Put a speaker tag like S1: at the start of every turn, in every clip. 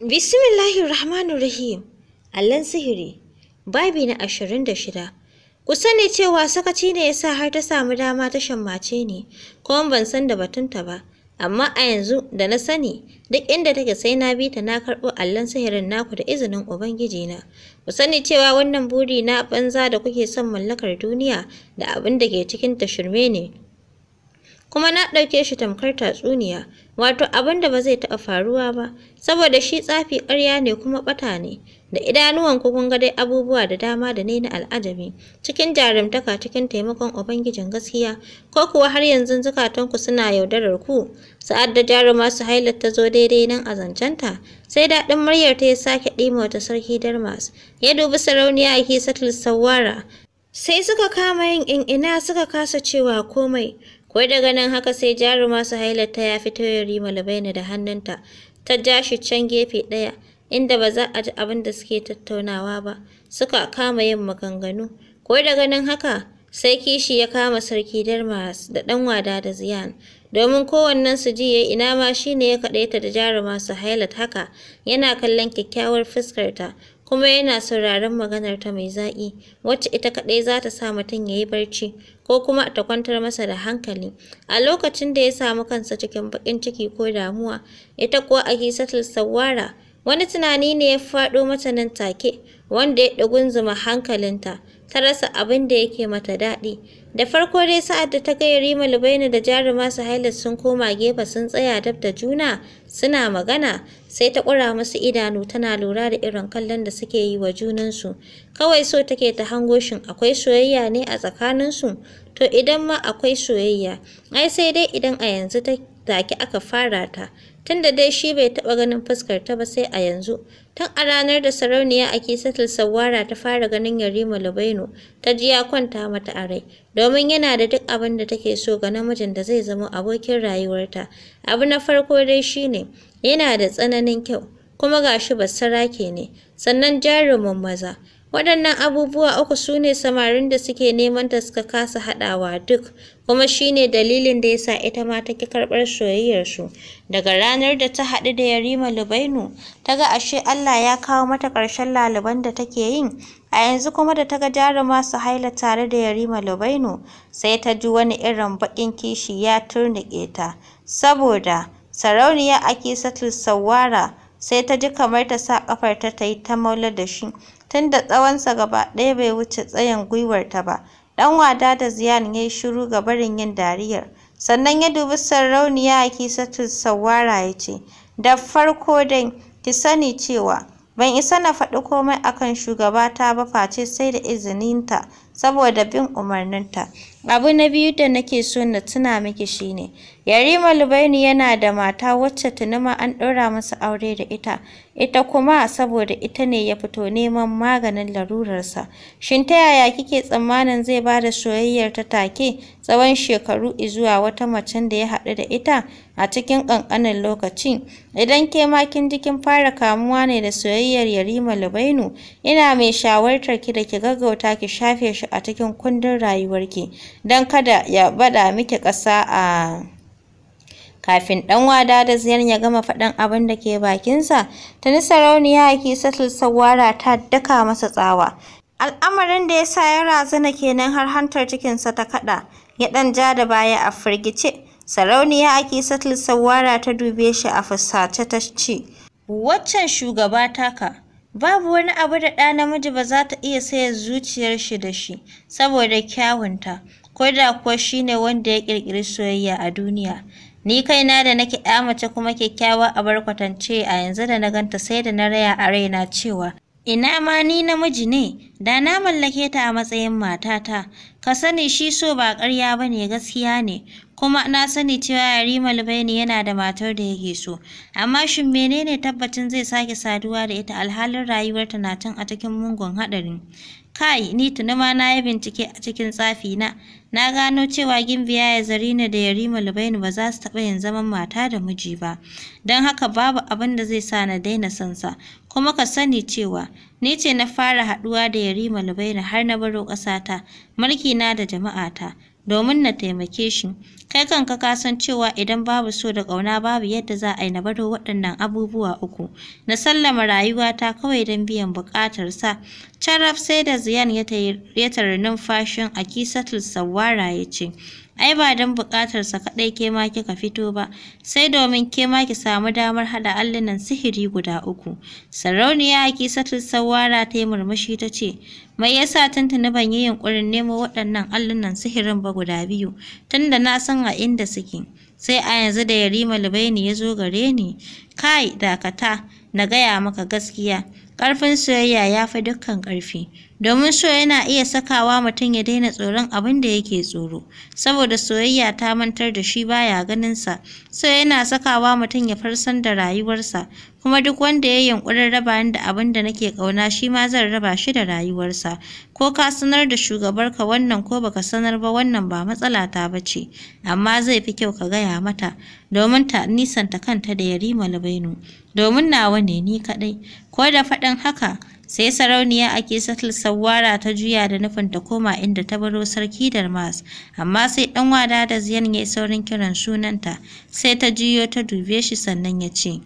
S1: Bismillahir Rahmanir Rahim. Allan sihiri. Babi na ashirin da shida. Ku sani cewa sakaci ne yasa har ta samu dama ta shammace ni, kuma ban san da batunta ba. Amma a yanzu da na sani, duk inda take sai na bi ta na karɓo allan sihirin naku da izinin Ubangiji na. Ku sani cewa wannan buri na banza da kuke son mallakar duniya da abin da ke cikin ta shirme ne, kuma na ɗauke shi tamkar tatsuniya wato abin da ba zai taɓa faruwa ba saboda shi tsafi ƙarya ne kuma ɓata ne da idanuwan ku kun ga dai abubuwa da dama da ne na al'ajabi cikin jarumtaka cikin taimakon ubangijin gaskiya ko kuwa har yanzu ku suna yaudarar ku sa'ad da jaruma su hailar ta zo daidai nan a zancenta sai daɗin muryar ta ya sake ɗima wata sarki darmas ya dubi sarauniya a hisatul sawara sai suka kama yin ina suka kasa cewa komai Kwai daga nan haka sai jaruma su ta ya fito ya rima labaina da hannunta, ta ja shi can gefe ɗaya, inda ba za a ji abin da suke tattaunawa ba, suka kama yin maganganu. Kwai daga nan haka sai kishi ya kama sarki Darmas da ɗan wada da Ziyan, domin kowannen su ji ya ina ma shi ne ya kaɗaita da jaruma hailat haka, yana kallon kyakkyawar fuskarta, kuma yana sauraron maganar ta mai zaƙi wacce ita kaɗai za ta sa mutum ya yi barci ko kuma ta kwantar masa da hankali a lokacin da ya samu kansa cikin bakin ciki ko damuwa ita kuwa hisatul sawara wani tunani ne ya faɗo mata nan take wanda ya ɗigunzuma hankalinta ta rasa abin da yake mata daɗi da farko dai sa'ad da ta ga Yarima Lubaina da Jaruma Suhaila sun koma gefe sun tsaya dab da juna suna magana sai ta ƙura masu idanu tana lura da irin kallon da suke yi wa junansu kawai so take ta hango shin akwai soyayya ne a tsakaninsu to idan ma akwai soyayya ai sai dai idan a yanzu ta take aka fara ta tunda dai shi bai taɓa ganin fuskar ta ba sai a yanzu tun a ranar da sarauniya ake satil sawara ta fara ganin yarima labaino ta ji ya kwanta mata a rai domin yana da duk abin da take so ga namijin da zai zama abokin rayuwarta abu na farko dai shine yana da tsananin kyau kuma ga gashi basarake ne sannan jarumin maza waɗannan abubuwa uku su ne samarin da suke neman ta suka kasa haɗawa duk kuma shi ne dalilin da ya sa ita ma ta ki karɓar soyayyarsu daga ranar da ta haɗu da yarima lubainu ta ga ashe allah ya kawo mata ƙarshen laluban da take yin a yanzu kuma da ta ga jaruma su haila tare da yarima lubainu sai ta ji wani irin baƙin kishi ya turnuƙe ta saboda Sarauniya ake Akisatu sawara sai ta ji kamar ta sa kafar ta yi ta maula da shi, tunda tsawonsa gaba ɗaya bai wuce tsayin ta ba. Ɗan wada da Ziyan ya yi shiru ga barin yin dariyar. Sannan ya dubi Sarauniya Akisatu sawara ya ce, Da farko dai, ki sani cewa ban isa na faɗi komai akan shugabata ba face sai da izininta saboda bin umarninta. Abu na biyu da nake so na tuna miki shine, Yarima Lubaini yana da mata wacce tuni ma an ɗora masa aure da ita, ita kuma saboda ita ne ya fito neman maganin larurarsa. Shin ta yaya kike tsammanin zai ba da soyayyar ta take tsawon shekaru zuwa wata macen da ya haɗu da ita a cikin ƙanƙanin lokaci? Idan ke ma kin ji kin fara kamuwa ne da soyayyar Yarima Lubainu, ina mai shawartar ki da ki gaggauta ki shafe shi a cikin kundin rayuwarki. don kada ya baɗa miki ƙasa a kafin ɗan wada da ziyar ya gama faɗin abin da ke bakinsa tuni sarauniya yake satil sawara ta daka masa tsawa al'amarin da ya sa ya razana kenan har hantar cikinsa ta kaɗa ya ɗan ja da baya a firgice sarauniya ake satil sawara ta dube shi a fusace ta ce waccan shugaba taka babu wani abu da ɗa namiji ba za ta iya saya zuciyar shi da shi saboda kyawunta koda da kuwa shi wanda ya ƙirƙiri soyayya a duniya. Ni kaina da nake ‘ya mace kuma kyakkyawa abar kwatance a yanzu da na ganta sai da na raya a raina cewa ina ma ni namiji ne, da na mallake ta a matsayin matata. Ka sani shi so ba ƙarya ba ne gaskiya ne, kuma na sani cewa Yarima Lubaini yana da matar da yake so amma shin menene tabbacin zai sake saduwa da ita alhalin rayuwarta na can a cikin mungon haɗari kai ni tuni ma na yi bincike a cikin tsafi na na gano cewa gimbiya ya ni da yarima lubaini ba za su taɓa yin zaman mata da miji ba don haka babu abin da zai sa na daina son kuma ka sani cewa ni ce na fara haɗuwa da yarima lubaini har na baro ƙasata mulki na da jama'ata domin na taimake shi kai kanka ka san cewa idan babu so da ƙauna babu yadda za a yi na baro waɗannan abubuwa uku na sallama rayuwata kawai don biyan buƙatarsa caraf sai da ziyan ya fashin numfashin akisatul sawara ya ce ai ba don buƙatarsa kaɗai ke ma kika fito ba sai domin ke ma ki samu damar haɗa allunan sihiri guda uku sarauniya ki sawara ta yi murmushi ta ce mai yasa tuntuni ban yi yunƙurin nemo waɗannan allunan sihirin ba guda biyu tunda na san a inda suke sai a yanzu da yarima lubaini ya zo gare ni kai dakata na gaya maka gaskiya ƙarfin soyayya ya fi dukkan ƙarfi domin so yana iya sakawa mutum ya daina tsoron abin da yake tsoro saboda soyayya ta mantar da shi baya ganinsa so yana sakawa mutum ya farsan da rayuwarsa kuma duk wanda ya yi raba ni da abin da nake ƙauna shi ma zan raba shi da rayuwarsa ko ka sanar da shugabarka wannan ko baka sanar ba wannan ba matsala ta bace amma zai fi kyau ka gaya mata domin ta nisanta kanta da yarima labainu domin nawa ne ni kaɗai ko da faɗin haka sai sarauniya ake satil sawara ta juya da nufin ta koma inda ta baro sarki da darmas amma sai dan wada da ziyan ya yi saurin kiran sunanta sai ta juyo ta dube shi sannan ya ce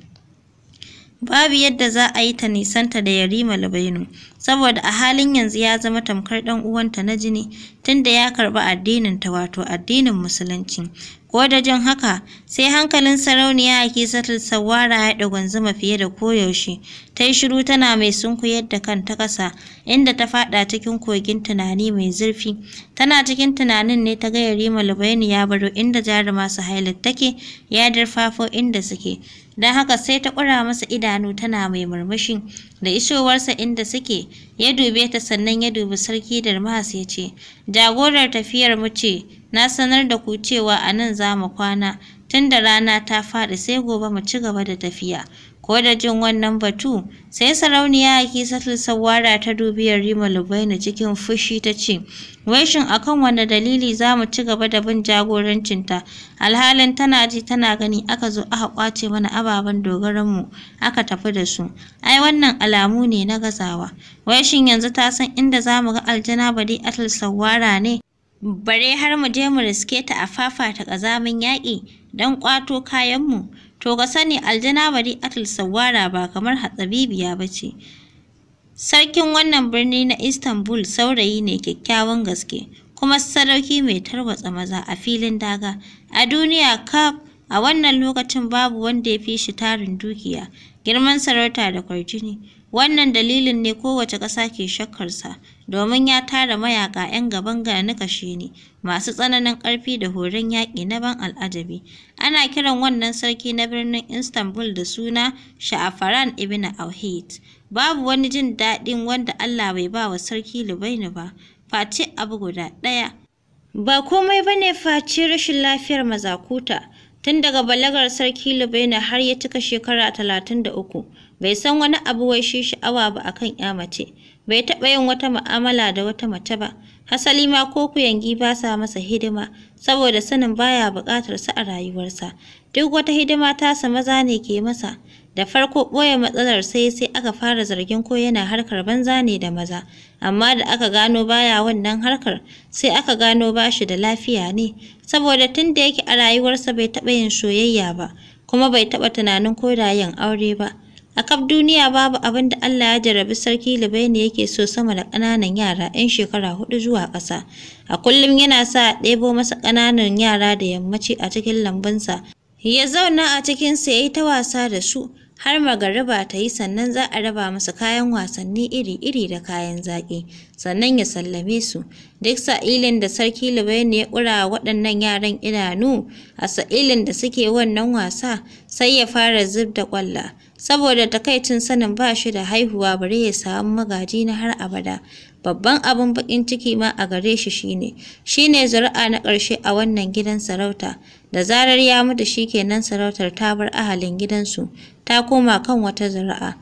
S1: babu yadda za a yi ta nisanta da Yarima Labainu, saboda a halin yanzu ya zama tamkar ɗan uwanta na jini tunda ya karɓi ta wato addinin Musulunci. Ko da jin haka, sai hankalin sarauniya a kisatar Sawara ya ɗa gwanzuma fiye da koyaushe, ta yi shiru tana mai sunkuyar da kanta ƙasa, inda ta faɗa cikin kogin tunani mai zurfi. Tana cikin tunanin ne ta ga Yarima Lubainu ya baro inda jaruma su take, ya durfafo inda suke. don haka sai ta ƙura masa idanu tana mai murmushin da isowarsa inda suke ya dube ta sannan ya dubi sarki da mahas ya ce jagorar tafiyar mu ce na sanar da ku cewa a nan za mu kwana tunda rana ta faɗi sai gobe mu ci gaba da tafiya Ko da jin wannan batu, sai sarauniya satul Sawara ta dubiyar Yarima Lubaina cikin fushi ta ce, Wai shin akan wanda dalili za mu ci gaba da bin jagorancinta, alhalin tana ji tana gani aka zo aka kwace mana ababen dogaranmu aka tafi da su. Ai wannan alamu ne na gazawa. Wai shin yanzu ta san inda za mu ga aljana bari Atul Sawara ne? Bare har mu je mu riske ta a fafata ƙazamin yaƙi don ƙwato kayanmu. To ga sani aljana bari atul sawara ba kamar hatsabibiya ba ce. Sarkin wannan birni na Istanbul saurayi ne kyakkyawan gaske, kuma sadauki mai tarwatsa maza a filin daga. A duniya kaf a wannan lokacin babu wanda ya fi shi tarin dukiya, girman sarauta da kwarjini. Wannan dalilin ne kowace ƙasa ke shakarsa, domin ya tara mayaƙa ‘yan gaban gani kashe ne, masu tsananin ƙarfi da horon yaƙi na ban al'ajabi. Ana kiran wannan sarki na birnin Istanbul da suna Sha'afaran ibn auhid Babu wani jin daɗin wanda Allah bai ba wa sarki Lubainu ba, face abu guda ɗaya. Ba komai ba ne face rashin lafiyar mazakuta. tun daga balagar sarki lubaina har ya cika shekara talatin da uku bai san wani abu wai shi sha'awa ba akan ya mace bai taɓa yin wata mu'amala da wata mace ba hasali ma ko kuyangi ba sa masa hidima saboda sanin baya buƙatar sa a rayuwarsa duk wata hidima ta sa maza ne ke masa da farko ɓoye matsalar sai sai aka fara zargin ko yana harkar banza ne da maza amma da aka gano baya wannan harkar sai aka gano ba shi da lafiya ne saboda tun da yake a rayuwarsa bai taɓa yin soyayya ba kuma bai taɓa tunanin ko da yin aure ba A kaf duniya babu abin da Allah ya jarabi sarki Libaini yake so sama da ƙananan yara 'yan shekara hudu zuwa ƙasa. A kullum yana sa a ɗebo masa ƙananan yara da yammaci a cikin lambunsa. Ya zauna a cikinsa ya yi ta wasa da su har magariba ta yi sannan za a raba masa kayan wasanni iri-iri da kayan zaƙi. Sannan ya sallame su. Duk sa'ilin da sarki Libaini ya ƙura waɗannan yaran idanu a sa'ilin da suke wannan wasa sai ya fara zub da ƙwalla. saboda takaicin sanin ba shi da haihuwa bari ya samu magaji na har abada babban abin bakin ciki ma a gare shi shine shine zuri'a na ƙarshe a wannan gidan sarauta da zarar ya mutu shi shikenan sarautar ta bar ahalin gidansu ta koma kan wata zuri'a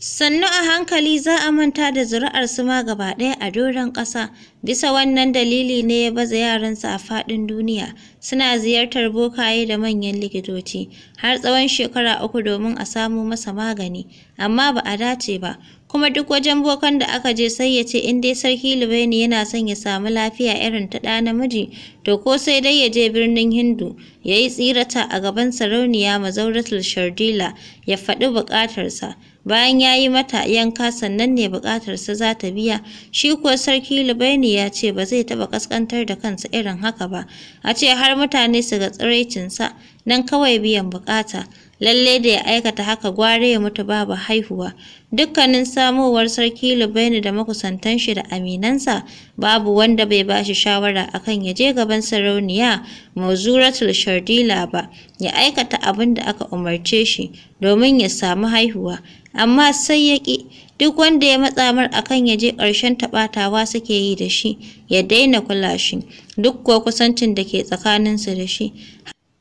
S1: Sannu a hankali za a manta da zuri'arsu ma gaba ɗaya a doron ƙasa, bisa wannan dalili ne ya baza yaransa a faɗin duniya, suna ziyartar bokaye da manyan likitoci, har tsawon shekara uku domin a samo masa magani, amma ba a dace ba, kuma duk wajen bokan da aka je sai ya ce in dai sarki Lubaini yana son ya samu lafiya irin ta ɗa namiji to ko sai dai ya je birnin Hindu ya yi tsirata a gaban sarauniya Mazauratul Shardila ya faɗi buƙatarsa bayan ya yi mata yanka sannan ne buƙatarsa za ta biya shi kuwa sarki lubaini ya ce ba zai taɓa ƙasƙantar da kansa irin haka ba a ce har mutane su ga tsiraicinsa nan kawai biyan buƙata lalle da ya aikata haka gware ya mutu babu haihuwa dukkanin samowar sarki lubaini da makusantan shi da aminansa babu wanda bai ba shi shawara akan ya je gaban sarauniya mazuratul shardila ba ya aikata abin da aka umarce shi domin ya samu haihuwa amma sai ya ƙi duk wanda ya matsa mar akan ya je ƙarshen taɓatawa suke yi da shi ya daina kula shi duk kuwa kusancin da ke tsakaninsu da shi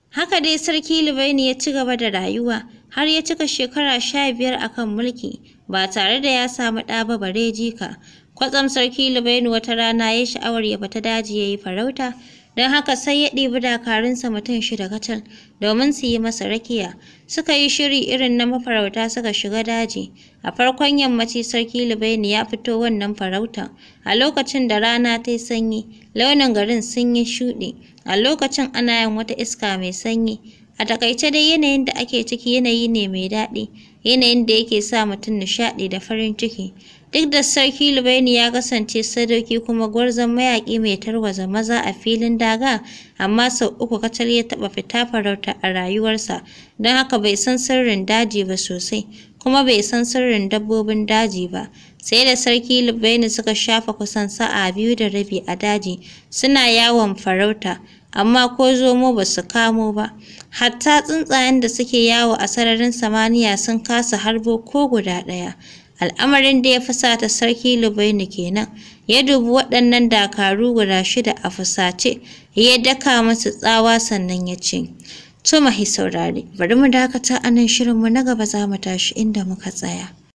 S1: haka dai sarki lubaini ya ci gaba da rayuwa har ya cika shekara sha biyar akan mulki ba tare da ya samu ɗa ba bare jika kwatsam sarki lubaini wata rana ya sha'awar ya fita daji ya yi farauta don haka sai ya ɗibi dakarunsa mutum shida kacal domin su yi masa rakiya suka yi shiri irin na mafarauta suka shiga daji a farkon yammaci sarki lubaini ya fito wannan farauta a lokacin da rana ta yi sanyi launin garin sun yi shuɗi a lokacin ana yin wata iska mai sanyi a takaice dai yanayin da ake ciki yanayi ne mai daɗi yanayin da yake sa mutum nishaɗi da farin ciki. Duk da Sarki Lubaini ya kasance sadauki kuma gwarzon mayaƙi mai tarwaza maza a filin daga, amma sau uku kacal ya taɓa fita farauta a rayuwarsa, don haka bai san sirrin daji ba sosai, kuma bai san sirrin dabbobin daji ba. Sai da Sarki Lubaini suka shafa kusan sa'a biyu da rabi a daji, suna yawon farauta. amma ko zomo ba su kamo ba. Hatta tsuntsayen da suke yawo a sararin samaniya sun kasa harbo ko guda ɗaya. Al'amarin da ya fusata sarki Lubaini kenan, ya dubi waɗannan dakaru guda shida a fusace, ya daka musu tsawa sannan ya ce, Tuma mahi saurari bari mu dakata a nan shirinmu na gaba za mu tashi inda muka tsaya.